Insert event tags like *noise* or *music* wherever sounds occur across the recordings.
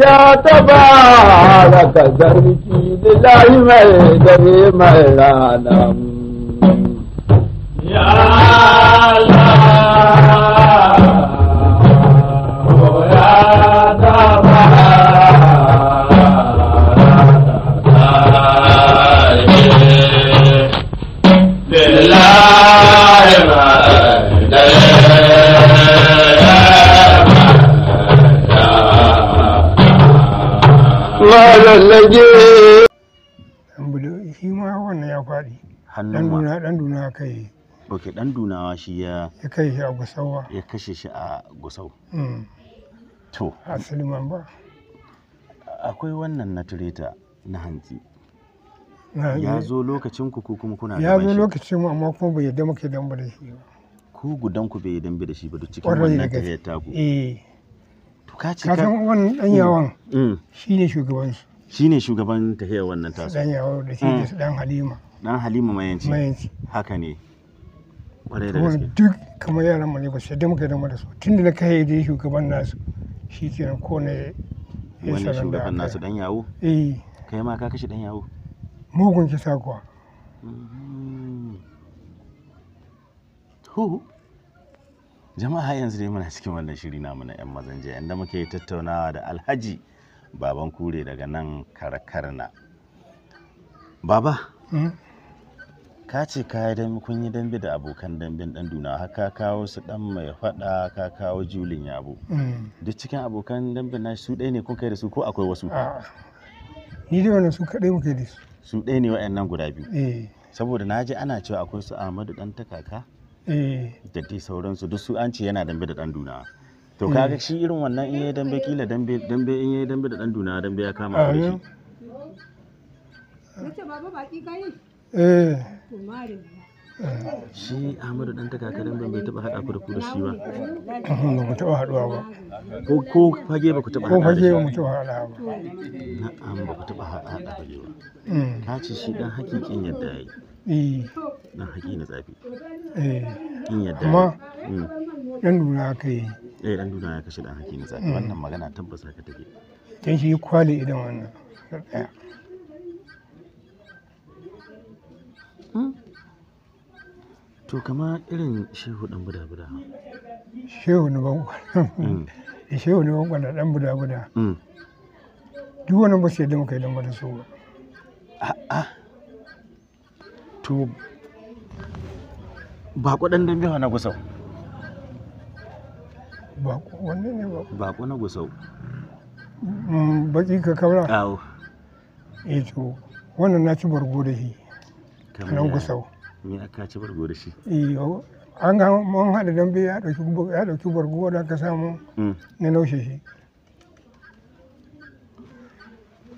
ya taba ka zarki lillahi mai dare mai rana. Ya Allah. tsallake dan bulo shi ma wannan ya faɗi hannun ma dan duna kai ok dan dunawa shi ya ya kai shi a gusawa ya kashe shi a gusau hmm. to asali man ba akwai wannan na tureta na hantsi ya zo lokacin ku ko kuma kuna ya zo lokacin mu amma kuma bai yadda muke dambe da shi ba ku gudan ku bai dambe da shi ba duk cikin wannan tarayya ta ku eh to ka ce ka san wannan dan yawan mm. mm. shine shugaban su shi ne shugaban tahiyar wannan taso. dan yawo da shi hmm. dan halima dan halima mayanci mayanci haka ne kwarai da gaske duk kamar yaran mu ne ba sai da muka dama da su tunda na kai da shugaban nasu shi nan ko ne wani shugaban nasu dan yawo eh kai ma ka kashe dan yawo mugun kisa kuwa jama'a yanzu dai muna cikin wannan shiri namu na 'yan mazan jiya inda muke tattaunawa da alhaji baban kure daga nan na. baba hmm? ka ce ka yi dambe kun yi dambe da abokan damben dan duna har ka kawo su dan mai fada ka kawo julin yabo hmm. duk cikin abokan damben na su ɗaya ne kun kai da su ko akwai wasu ni dai wannan su kaɗai muke da su su ɗaya ne wa'annan guda biyu eh. saboda na ji ana cewa akwai su ahmadu dan takaka eh. da dai sauransu duk su an ce yana dambe da dan duna to kaga mm. shi irin wannan in yayi dambe kila dambe dambe in yayi dambe da dan duna dambe ya kama a shi nace baba baki kai eh to mare shi Ahmadu dan takaka dambe bai taba hada ku da ku da shi ba *laughs* ba ku taba haduwa ba ko ko fage ba ku taba ko fage ba mu taba hada ba na'am ba ku taba hada ba ba mm. ka ce shi dan hakikin yadda yayi eh dan hakiki na tsafi eh in yadda amma mm. ɗan duna kai eh ɗan duniya ya kashe ɗan hakimi zafi hmm. wannan magana tabbas haka take dan shi kwali idan wannan daya hmm? to kama irin shehu dan buda buda shehu na ban hmm. *laughs* shehu na ban dan buda buda duk wani ba sai da muka yi dan bada so a'a to ba kudan dambe na gusau Bako wanne ne bako? Baƙo na gusau. Mm, Baki ka kaura? Awo. E, eh to wannan na ci bargo da shi. Nan gusau. Ni aka ci bargo da shi? Eh, an ga mun haɗa dambe ya ɗauki ya ɗauki bargo da ka samu mm. na naushe shi.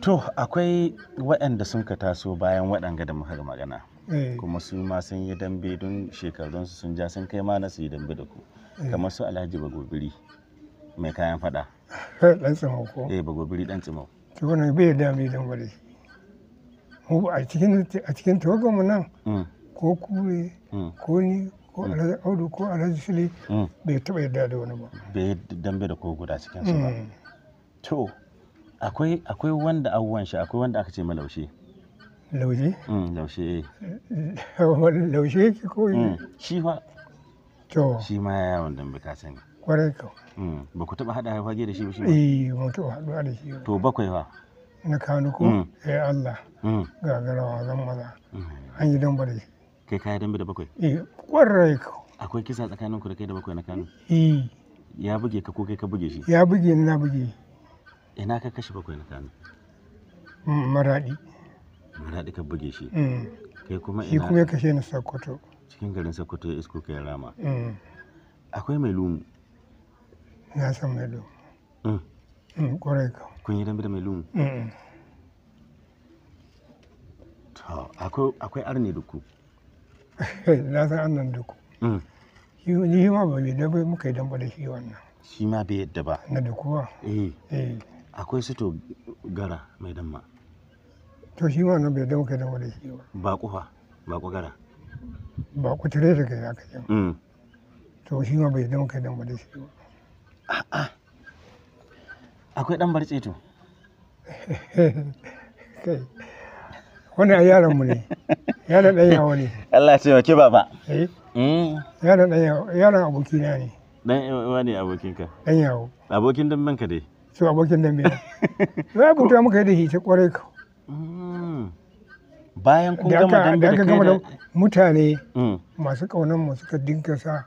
To akwai waɗanda sun ka taso bayan waɗanga da muka magana. Eh. Kuma su ma sun yi dambe don shekarunsu sun ja sun kai ma nasu yi dambe da ku. Eh. kamar su alhaji bagobiri mai kayan fada *laughs* dan tsimau ko eh bagobiri dan tsimau to wannan bai da mai dan bare mu a cikin a cikin tawagan mu nan mm. ko kure mm. ko ni ko mm. alhaji audu ko alhaji sili bai taba yarda da wani ba bai dambe da ko guda cikin su ba to akwai akwai wanda abubuwan shi akwai wanda aka ce malaushe laushe laushe eh. *laughs* laushe yake ko shi fa shi ma ya yawon dambe ka sani kwarai ka mm, ba ku taba hada fage da shi ba shi ba eh ba taba haduwa da shi to bakwai ba na kanu ko mm. ya Allah mm. garawa zan maza an yi dambe da shi kai ka yi dambe da bakwai eh kwarai ka akwai kisa tsakanin ku da kai da bakwai na kanu eh ya buge ka ko kai ka buge shi ya buge ni na buge ina ka kashe bakwai na kanu maradi maradi ka buge shi kai kuma ina shi kuma ya kashe ni sakkwato cikin garin sokoto ya isko kai rama eh. akwai mai lumu na san mai lumu hmm. Hmm, kwarai ka kun yi dambe da mai lumu akwai arne duku *laughs* na san annan duku hmm. ni ma ba bai dabe muka yi damba da shi wannan shi ma bai yadda ba na duku ba eh. Eh. akwai sito gara mai damma to shi ma nan bai dabe da shi ba ba kufa ba kwa gara ba ku tare da kai za ka je mm. to shi ma bai zama kai dan ba da shi A'a, akwai dan barce to *laughs* kai wannan yaron mu ne yaron dan yawo ne Allah ya taimake baba eh mm. yaron dan yawo yaron aboki na ne dan yawa ne abokinka dan yawo abokin dan banka dai to abokin dan bai *laughs* na rubuta muka yi da shi ta kwarai ka bayan kun gama dambe da kai da mutane mm. masu kaunan mu suka dinka sa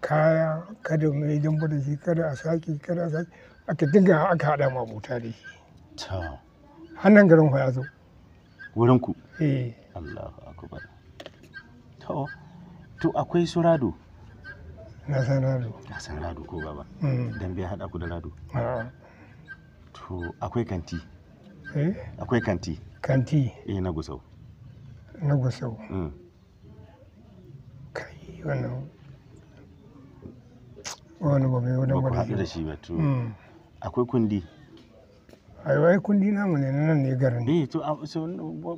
kaya kada mai dambe da shi kada a saki kada a saki aka dinga aka hada ma abota da shi hannun garin ya zo wurin ku eh Allahu akbar to to akwai su rado na san rado na san rado ko baba mm. dambe hada ku da rado ah. to akwai kanti eh? akwai kanti kanti eh na gusau na gusau mm. kai wannan wani ba mai wani gwada ba da shi ba tu mm. akwai kundi aiwai kundi namu ne nan ne garin eh to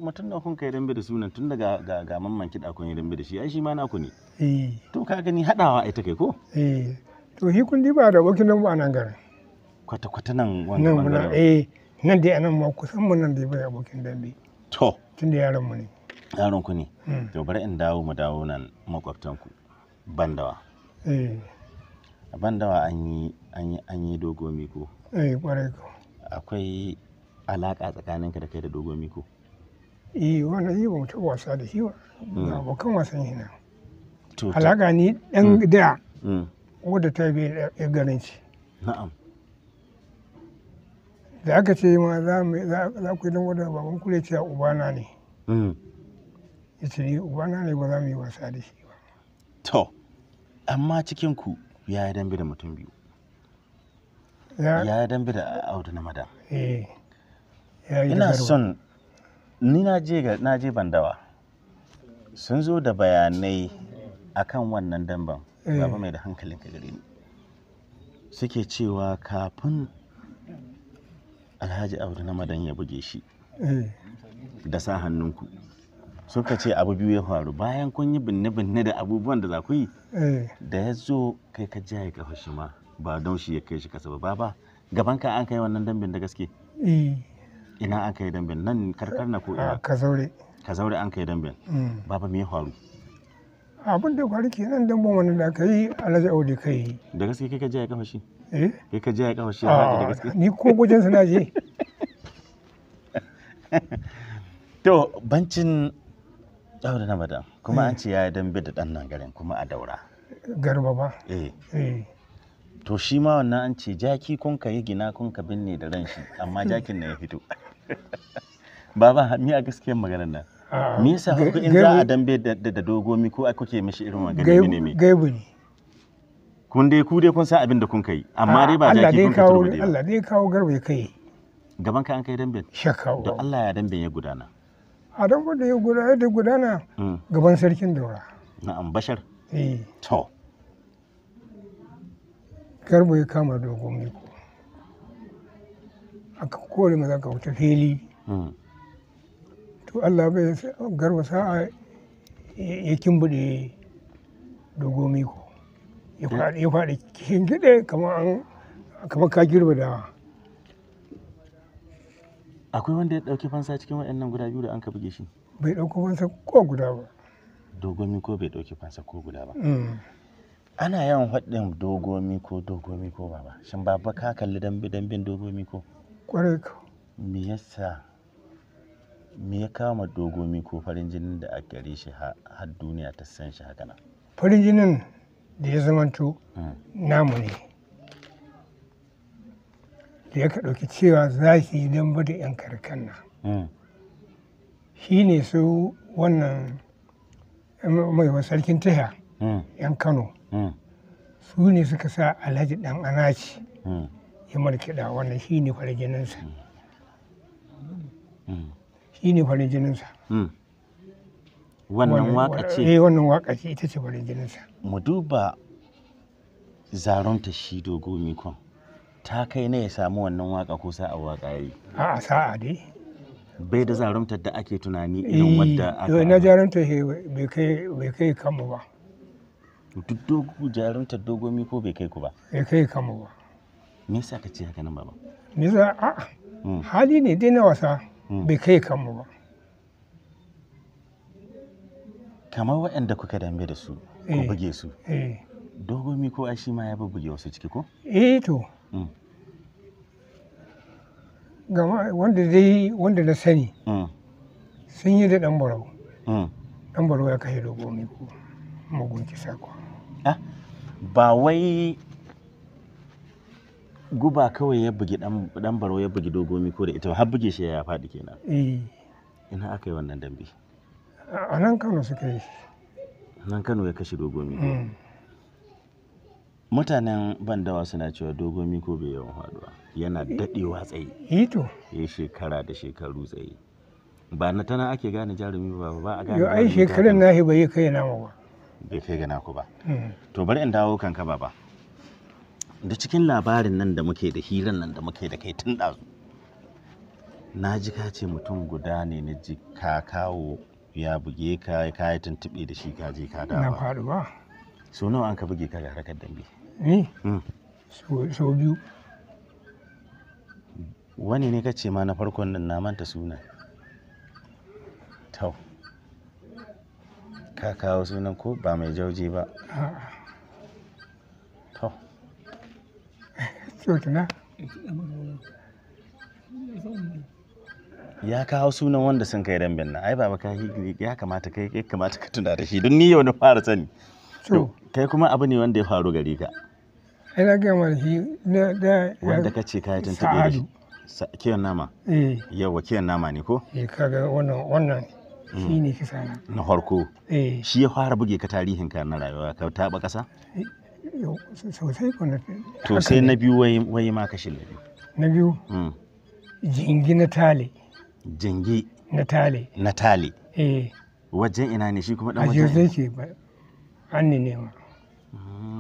mutum da kun kai dambe da sunan tun daga ga ga mamman kiɗa kun yi dambe da shi ai shi ma ku ne eh to ka gani hadawa ai take ko eh to hi kundi ba da wakin nan ba nan garin kwata kwata nan wannan nan eh nan dai anan ma kusan mun nan dai bai abokin dambe to tun da yaran mu ne yaronku ne mm. to bari in dawo mu dawo nan makwabtanku bandawa eh bandawa an yi an yi an yi dogo miko eh ko akwai alaka tsakaninka da kai da dogo miko eh wannan yi eh, ba wasa da shi ba mm. abokan wasan shi na alaka ni dan mm. da wadda ta bi ya garin ci na'am da aka ce ma za ku yi dan wadda baban kule ce ubana ne ya ce ni ubana ne ba za mu yi wasa da shi ba to amma cikin ku ya yi dambe da mutum biyu ya yi dambe da audu na madan eh, ina son ni na je bandawa sun zo da bayanai akan wannan damben eh. babu mai da hankalin ka gare ni suke cewa kafin alhaji audu na madan ya buge shi eh. da sa hannunku suka ce abu biyu ya faru bayan kun yi binne-binne da abubuwan da za ku yi eh. da ya zo kai ka jaye kafa shi ma ba don shi ya kai shi kasa ba ba gaban ka an kai wannan dambin da gaske eh. ina an kai dambin nan karkar na ko ina ah, ka zaure ka zaure an kai dambin hmm. baba me ya faru abin da faru nan dambin wani da ka yi alhaji audi kai yi da gaske kai ka jaye kafa shi eh? kai ka jaye kafa shi da ah, gaske ni ko gujen na je *laughs* to bancin Daura na madam. Kuma an eh. ce ya dambe da ɗan nan garin kuma a daura. Garba ba. Eh. Eh. To shi ma wannan an ce jaki kun ka yi gina kun ka binne da ran shi amma jakin na ya fito. *laughs* Baba mi a gaskiyar maganar nan. Ah. Me yasa ku in za a dambe da dogomi ko a kuke mishi irin wannan gani ne me? Gaibu ne. Kun dai ku dai kun san abin da kun kai amma ah, dai ba jaki kun ka turbe. Allah dai kawo ya kai. Gaban ka an kai dambe. Shakka. Don Allah ya dambe ya gudana. a don da ya guda da gudana hmm. gaban sarkin daura Na ambashar eh to garba ya kama dogon miko a kore maza ka wuce fili hmm. to Allah bai garba sa'a ya kimbuɗe dogon miko ya eh. faɗi kishin gida kamar ka girba dawa akwai wanda ya dauki fansa cikin waɗannan guda biyu da an ka buge shi bai dauko fansa ko guda ba dogomi ko bai dauki fansa ko guda ba mm. ana yawan faɗin dogomi ko dogomi ko baba shin baba ka kalli dambe damben dogomi ko kwarai ka me yasa me ya kama dogomi ko farin jinin da a gare shi har duniya ta san shi haka nan farin jinin da ya zamanto mm. namu ne da ya ɗauki cewa za su yi damba da 'yan karkan nan hmm. shi ne su wannan mai sarkin taya hmm. 'yan kano hmm. su ne suka sa alhaji dan anaci ya markida wannan shi ne farajininsa shi ne farajininsa wannan waka ce eh, wannan waka ce ita ce farajininsa mu duba zaron ta shi dogo mikon ta kai ne ya samu wannan waka ko sa'a waka yi a sa'a dai bai da zarumta da ake tunani irin eh, wadda aka na jarumta bai kai bai kai kanmu ba duk dogo jarumtar dogomi ko bai kai ku ba bai kai kanmu ba me yasa ka ce haka nan baba me yasa a hmm. hali ne dai na wasa hmm. bai kai kanmu ba kamar waɗanda kuka dambe da su ko eh, buge su eh. dogomi ko ai shi ma ya bubbuge wasu ciki ko eh to Mm. gama wanda dai wanda na sani mm. sun yi da dan barau dan mm. barau ya kashe dogo mai ko magunki sako ah, ba wai guba kawai ya bugi dan barau ya bugi dogo ko da ita har buge shi ya faɗi kenan eh. ina aka yi wannan dambe a nan kano suka yi nan kano ya kashe dogo ko mutanen bandawa suna cewa dogon miko bai yawan faduwa yana dadewa tsaye hito. Eh, eh ya shekara da shekaru tsaye ba na tana ake gane jarumi ba ba a gane ai shekarun nahi bai kai na ba bai kai gana ku ba hmm. to bari in dawo kanka ba. da cikin labarin nan da muke da hirar nan da muke da kai tun ɗazu na ji ka ce mutum guda ne na ji ka kawo ya buge ka ya yi tuntuɓe da shi ka je ka dawo na faɗuwa so nawa an ka buge ka ga harkar dambe Eh? Hmm. Sau biyu. Wani ne kace ma na farkon nan na manta suna. Tau. Ka kawo sunan ko ba mai jauje ba. Tau. *laughs* ya kawo sunan wanda sun kai damben na, ai baba kai ya kamata kai kamata ka tuna da shi don ni yau na fara sani kai kuma abu ne wanda ya faru gari ka ai na shi na da wanda ka ce kayi tuntuɓe da shi kiyon nama eh yawa kiyon nama ne ko eh kaga wannan wannan mm. shi ne kisa na na farko eh shi ya fara buge ka tarihin ka na rayuwa ka taɓa ƙasa eh, sosai ko na to sai na biyu wai wai ma ka shi na biyu mm. jingi na tale jingi na tale na tale eh wajen ina ne shi kuma dan wajen a jirgin ke ba an ne nema mm.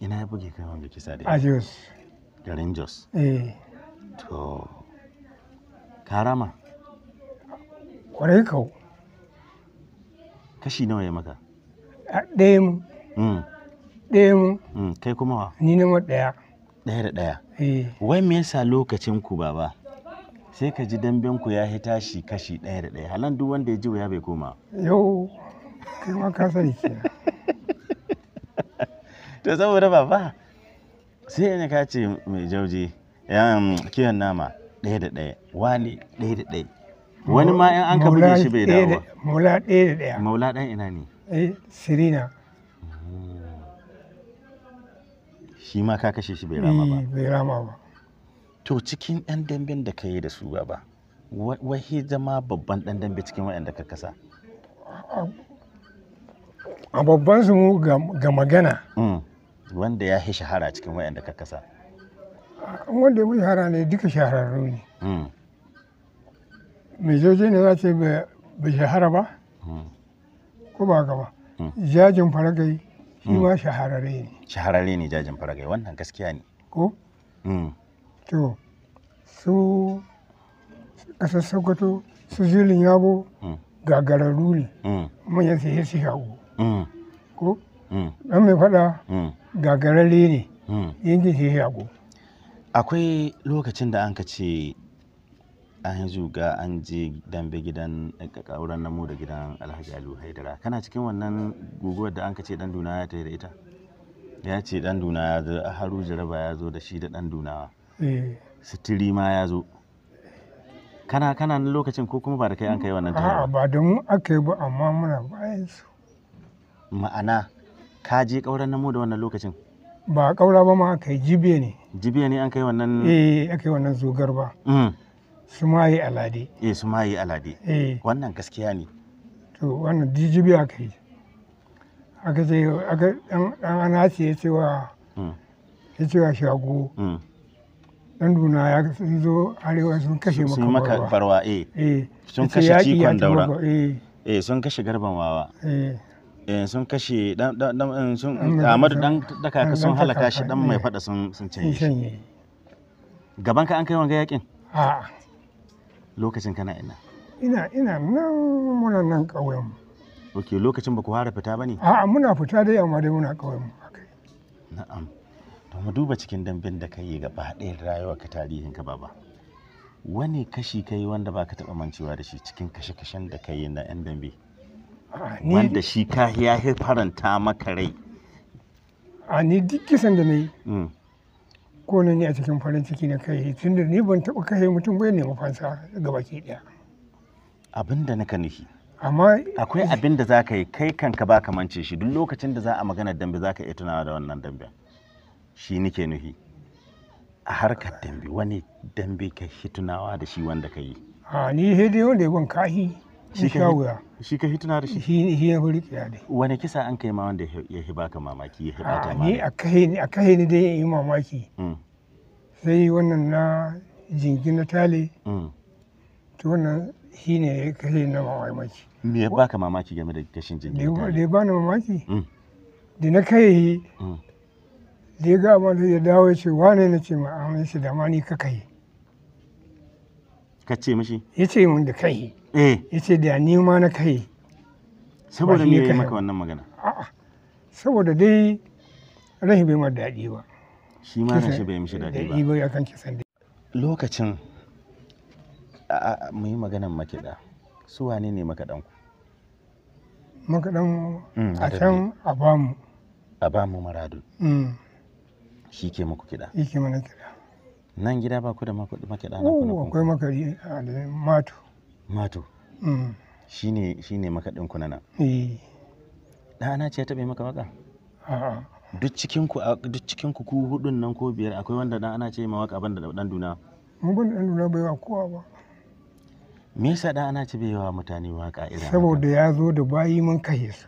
ina ya buge kai wanda kisa da a jos garin jos eh to karama kwarai kau kashi nawa ya maka ɗaya mu hmm. ɗaya mu hmm, kai kuma wa ni na ɗaya ɗaya da ɗaya eh. wai me yasa lokacin ku baba sai ka ji damben ku ya hita shi kashi ɗaya da ɗaya halan duk wanda ya ji ya bai koma yau kai ma ka sani kenan to saboda baba sai in ka ce mai jauje kiyon nama ɗaya da ɗaya wani ɗaya da ɗaya wani ma yan an ka buge shi bai dawo maula ɗaya da ɗaya maula ɗan ina ne eh sirina oh. shi ma ka kashe shi bai eh, rama ba bai rama ba to cikin ɗan damben da ka yi da su baba wahi zama babban ɗan dambe cikin waɗanda ka kasa a babban su ga magana mm. wanda ya fi shahara cikin wayanda ka kasa wanda ya fi shahara ne duka shahararru ne hmm. mai zoje ne za ce bai shahara ba hmm. ko ba gaba hmm. jajin faragai shi ma shahararre ne shahararre ne jajin faragai wannan gaskiya ne ko to su ƙasar sokoto su zilin yabo gagararru ne manyan sai sai shago ko dan mm. mai faɗa mm. gagararre ne mm. yankin sai yago akwai lokacin da an ka ce an yanzu ga an je dambe gidan ƙauran eh, namu da gidan alhaji alu haidara kana cikin wannan guguwar da an ka ce dan duna ya tafi da ita ya ce dan duna ya zo haru jaraba ya zo da shi da dan dunawa eh. sitiri ma ya zo kana kana lokacin ko kuma ba da kai an kai wannan tafiya ba da mu aka yi ba amma muna bayan su ma'ana ka je ƙauren namu mu da wannan lokacin ba ƙaura ba ma aka yi jibiya ne jibiya ne an kai wannan eh aka yi wannan zogar ba mm. su ma yi alade eh su ma yi alade eh wannan gaskiya ne to wannan jibiya aka yi aka ce aka dan ana ce ya cewa mm. ya cewa shago mm. dan duna ya sun zo arewa sun kashe maka barwa eh. eh sun kashe cikon daura eh. eh sun kashe garban wawa eh Eh, sun kashe amadu dan daka eh, sun halaka shi dan mai fada sun canye shi gaban ka an kai wanga yakin a lokacin kana ina ina ina nan muna nan ƙauyen mu ok lokacin ba ku fara fita ba ne a'a muna fita dai amma dai muna ƙauyen mu na'am to mu duba cikin dambin da kai gaba ɗayan rayuwar ka tarihin ka baba wani kashi kai wanda ba ka taɓa mancewa da shi cikin kashe-kashen da kai na 'yan dambe wanda shi ka ya faranta maka rai a ni duk kisan da na yi mm. ko ne a cikin farin ciki na kai tun da ni ban taɓa kai mutum bai ne fansa ga baki ɗaya abin da naka nufi amma akwai abin da za ka yi kai kanka ba ka mance shi duk lokacin da za a magana dambe za ka iya tunawa da wannan dambe shi nike nufi a harkar dambe wani dambe ka shi tunawa da shi wanda ka yi a ni dai wanda ya ban kahi shi ka hituna da shi shi ya hori kiya dai wani kisa an kai ma wanda ya hi ka mamaki ya hiba ta ah, ni a kai ni a kai ni dai yi mamaki mm. sai wannan na jingi na tale mm. to wannan shi ne ya kai na mamaki me ya baka mamaki game da kashin jingi na tale da ya bani mamaki mm. da na kai da ya ga amma ya dawo ya ce wane na ce ma shi ah, da ma ni ka kai ka ce mishi ya ce mun da kai Eh. ya ce da ni ma na kai saboda me ya maka wannan magana a'a saboda dai rahi bai mar daɗi ba shi ma na shi bai mishi daɗi ba ya kan kisan dai lokacin mu yi maganar makiɗa su wane ne makaɗan ku makaɗan mm, a can a bamu a bamu maradu mm. shi ke muku kiɗa shi ke mana kiɗa nan gida ba ku da makiɗa na kuna akwai makari a matu mato mm. shine shine makaɗin kunana eh. ɗana ce ya taɓa maka maka duk cikin ku duk cikin ku hudun nan ko biyar akwai wanda dan ana ce ma ban banda dan duna mun ban dan duna bai wa kowa ba me yasa dan ana ce bai wa mutane waka irin saboda ya zo da bayi mun kashe su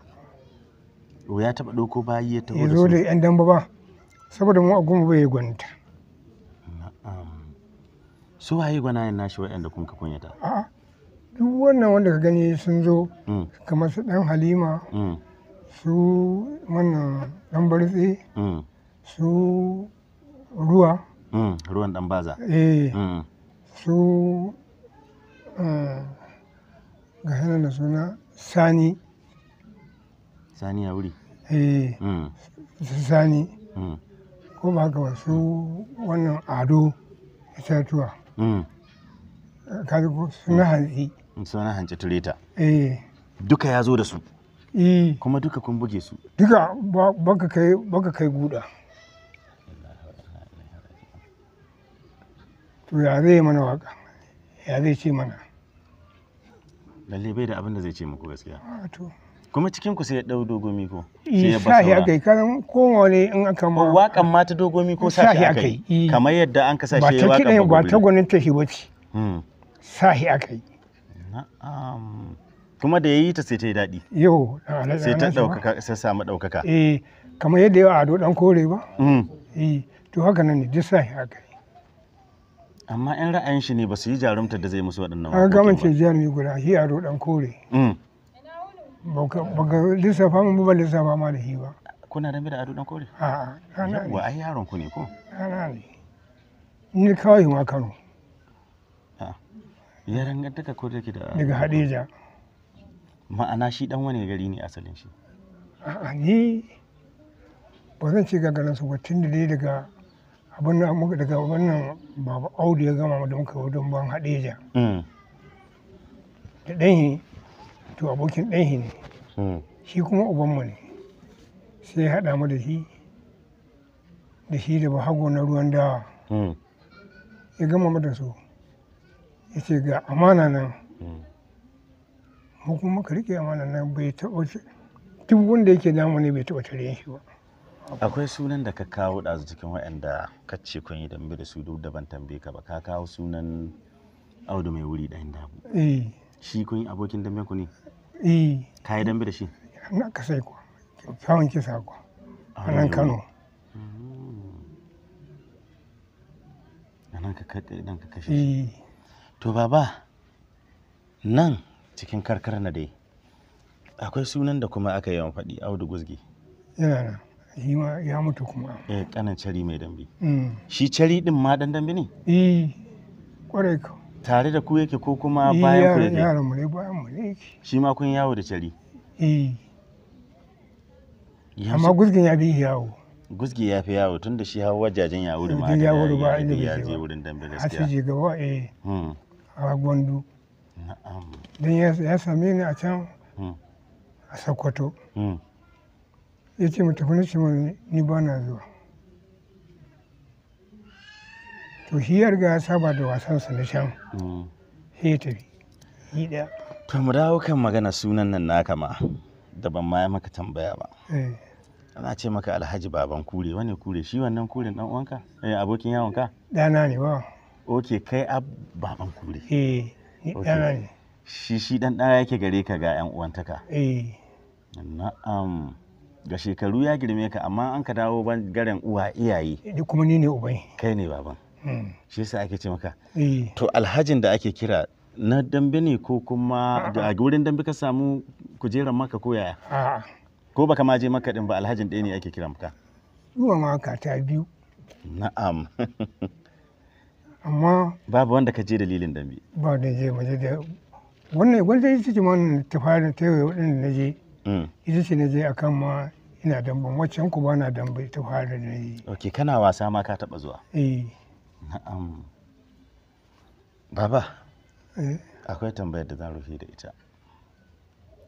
o ya taba doko bayi ya taho da su ya zo da yan dan ba saboda mu a goma bai gwanta na'am su waye gwanayen nashi wa'anda kun ka kunyata a'a duk wannan wanda ka gani sun zo mm. kamar su dan halima mm. su wannan dan bartse mm. su ruwa ruwan dan baza eh su eh, ga hana da suna sani sani ya wuri eh su sani ko ba ga wasu su wannan ado itatuwa kaga suna hantsi sunan hanci tureta eh. duka ya zo da su eh. kuma duka kun buge su duka baka kai kai guda to ya zai mana waka ya zai ce mana lalle bai da abin da zai ce muku gaskiya ah, kuma cikin ku sai ya dau dogomi ko eh, sai ya basa ya kai kan ko wani in aka ma wakan ma ta dogomi ko shi akai kamar yadda an kasashe wakan ba ta gwanin ta shi bace hmm. shi akai kuma da ya yi ta sai ta yi daɗi yau sai ta ɗaukaka sai samu ɗaukaka eh kamar yadda yawa ado ɗan kore ba mm. eh to haka nan ne duk sai haka amma yan ra'ayin shi ne ba su yi jarumta da zai musu waɗannan wakokin ba gama ce jami guda shi ado ɗan kore mm. ba ka lissafa mun ba lissafa ma da shi ba kuna dambe da ado ɗan kore a'a wa ai yaron ku ne ko ana ne ni kawai ma kano ya dangantaka ko take da daga hadeja ma'ana shi dan wani gari ne asalin shi a'a ni ba zan ce gagarin su ba tun da dai daga abin da muka daga wannan baba audu ya gama da muka wadon ban hadeja hmm. da ɗanhi to abokin ɗanhi ne hmm. shi kuma ubanmu ne sai haɗa mu da shi da shi da hago na ruwan dawa hmm. ya gama mu da su ya ce ga amana nan hmm. mu kuma ka rike amana nan bai taɓa duk wanda yake damu ne bai taɓa tare shi ba akwai sunan da ka kawo ɗazu cikin waɗanda ka ce kun yi dambe da su duk da ban tambaye ka ba ka kawo sunan audu mai wuri ɗayan dabu eh. shi kun yi abokin dambe ku ne eh. ka yi dambe da shi na ka sai ku kyawun kisa ku a nan kano hmm. a nan ka kashe shi eh. To baba nan cikin karkar na dai akwai sunan da kuma aka yawan faɗi Audu Guzgi. ya mutu kuma. Eh kanan cari mai dambe. Mm. Shi cari din ma dan dambe ne? Eh kwarai ka. Tare da ku yake ko kuma eh, bayan ku yake? Yaran mu ne bayan mu ne yake. Shi ma kun yawo da cari? Eh. Amma Guzgin ya bi yawo. Guzgi ya fi yawo tun da shi hawa wajajen yawo da ma ya je wurin dambe gaskiya. Asiji gaba eh. Hmm. a gwandu don ya same ni a can hmm. a sokoto hmm. ya ce mu tafi nace ni ba na zuwa to shi ya riga ya saba da wasansa na can hmm. sai ya tafi yi ɗaya to mu dawo kan magana sunan nan na kama da ban ma maka tambaya ba eh. ana ce maka alhaji baban kure wani kure shi wannan kuren dan uwanka eh abokin yawon ka dana ne ba ok kai ab baban kure eh yana ne shi shi ɗan ɗana yake gare ka ga 'yan uwantaka eh na'am ga shekaru ya girme ka amma an ka dawo garen uwa iyaye da kuma ni ne uban kai ne baban hmm. shi yasa ake ce maka eh. to alhajin da ake kira na dambe ne ko kuma a wurin dambe ka samu kujerar maka ko yaya ko baka ma je maka din ba alhajin ɗaya ne ake kira maka zuwa maka ta biyu na'am *laughs* amma babu wanda ka je dalilin dambe ba da je ba da wannan wanda ita ce man ta fara ta yi waɗanda na je mm. ita ce na je akan ma ina damban waccan ku ba na dambe ta fara da yi ok kana wasa ma ka taɓa zuwa eh na'am baba eh. akwai tambayar da zan rufe da ita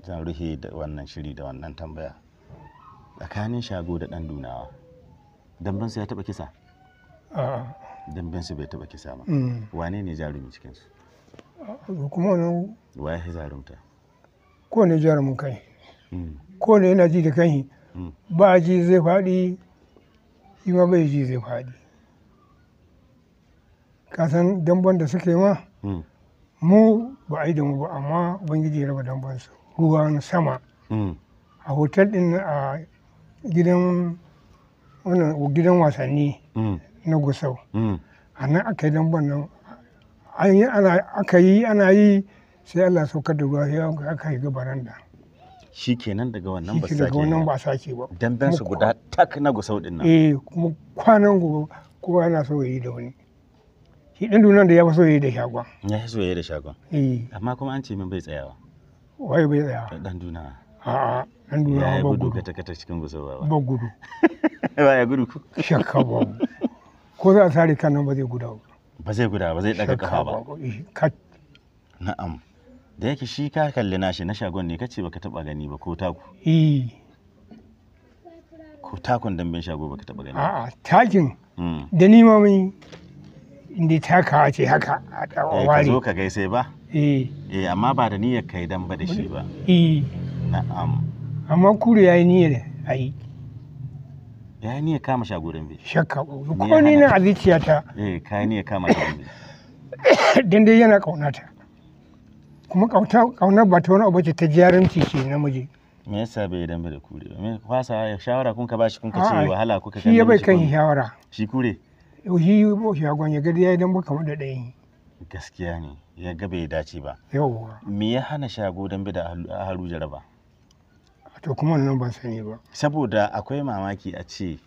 zan rufe da wannan shiri da wannan tambaya tsakanin shago da ɗan dunawa dambansa ya taɓa kisa a'a dimbin su bai taba kisa ba mm. wane ne jarumi cikin su kuma wannan waye ya jarumta ko ne jarumin kai mm. ko ne yana ji da kai mm. ba ji zai faɗi shi ma bai ji zai faɗi kasan damban da suke ma mu ba a yi da mu ba amma ubangiji ya raba damban su ruwan sama a hotel din a gidan wasanni na gusau mm. a nan aka yi damban nan aka yi ana yi sai Allah saukar da ruwa ya aka yi gabaran da shi kenan daga wannan ba sake ke ba damben su guda tak na gusau din nan eh kuma kwanan gobe kowa yana so yi da wani shi ɗin dunan da ya fi so yi da shagon ya fi so yi da shagon eh amma kuma an ce min bai tsayawa wai bai tsayawa ɗan duna a'a ɗan duna ba gudu ya gudu ka ta cikin gusau ba ba gudu *laughs* ba ya gudu shakka ba *laughs* ko za a sare kan nan ba zai guda ba zai guda ba zai daga kafa ba na'am da yake shi ka kalli nashi na shagon ne kace baka taba gani ba ko taku eh ko takun damben shago baka taba gani a'a takin hmm. da ni ma mun inda taka ce haka a dawo wari eh, ka zo ka gaise ba eh eh amma ba da niyyar kai dan ba da shi ba eh na'am amma kure yayi niyyar ai ya ni ya kama shagoran bai shakka ko ni na a ta. eh ka ni ya kama shagoran bai dan dai yana kaunata kuma kauta kaunar ba ta wani abu ce ta jaranci ce namiji me yasa bai dan da kure ba me kwasa ya shawara kun ka bashi kun ka ce wahala kuka kan shi ya bai kan shawara shi kure shi shagon ya gadi ya yi dan baka da ɗayan gaskiya ne ya ga bai dace ba yawwa me ya hana shago dan da haru jaraba to kuma wannan ban sani ba saboda akwai mamaki a ce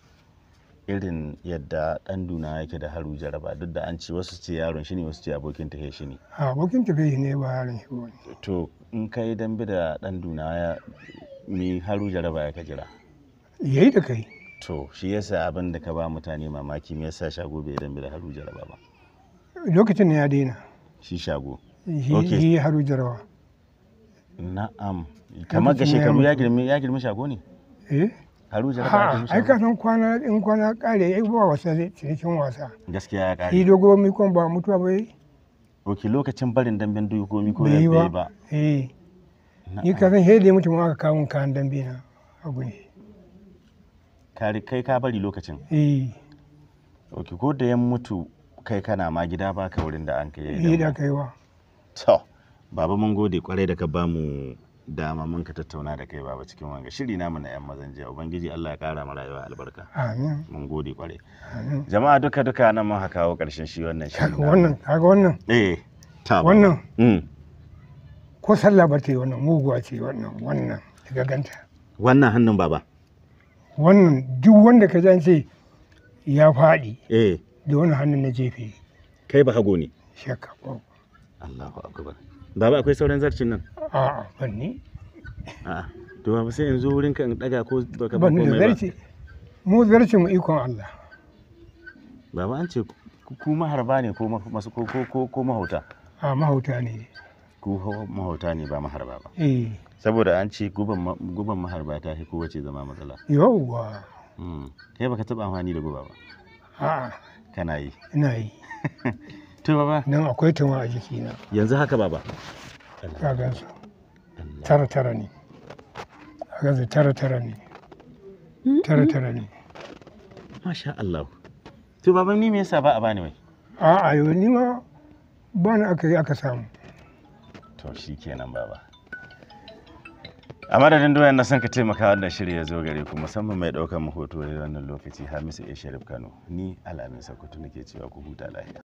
irin yadda ɗan duna yake da haru jaraba duk da an ce wasu ce yaron shi ne wasu ce abokin tafiya shi ne abokin tafiya ne ba yaron shi ne to in kai dambe da ɗan duna ya ni haru jaraba ya ka jira yayi da kai to shi yasa abin da ka ba mutane mamaki me yasa shago bai dambe da haru jaraba ba lokacin ne ya daina shi shago shi haru jaraba na'am kamar ga shekaru ya girmi ya girmi shago ne eh haru jara ba girme shago ai kasan kwana in kwana kare ai ba wasa zai cikin wasa gaskiya ya kare shi dogo mi kon ba mutuwa ba yi Oke lokacin barin damben dogo mi ko ya bai ba eh ni kasan san dai mutum aka kawo kan dambe na abu ne kare kai ka bari lokacin eh Oke ko da ya mutu kai kana ma gida ba ka wurin da an kai ya yi da kaiwa to baba mun gode kwarai da ka ba mu dama mun ka tattauna da kai baba cikin wanga shiri namu na yan mazan jiya ubangiji Allah ya kara mu rayuwa albarka amin mun gode kwarai jama'a duka duka nan mun haka kawo karshen shi wannan shi wannan kaga wannan eh ta wannan mm. ko sallah ba ta yi wannan muguwa ce wannan wannan daga ganta wannan hannun baba wannan duk wanda ka ji ce ya faɗi eh da wannan hannun na jefe kai ba hago ne shakka Allahu akbar Baba akwai sauran zarcin nan? A'a, banni. A to ba sai in zo wurin ka in daga ko baka ba komai ba. zarci. Mu zarcin mu ikon Allah. Baba an ce ku maharba ne ko masu ko ko ko ko mahauta. A mahauta ne. Ku mahauta ne ba maharba ba. Eh. Saboda an ce guban guban maharba ta fi kowace zama matsala. Yawwa. Mm. Kai baka taba amfani da guba ba. A'a. Kana yi. Ina yi. *laughs* to ba nan akwai tuma a jikina yanzu haka baba ka gansu tara tara ne a gansu tara tara ne mm-hmm. tara tara ne masha Allah to baba ni me yasa ba a bani mai a yau ni ma bani aka yi aka samu to shikenan baba a madadin doyan na son ka taimaka wannan shirya ya zo gare ku musamman mai ɗaukar mahoto da wannan lokaci hamisu a sharif kano ni alamin sakutu nake cewa ku huta lafiya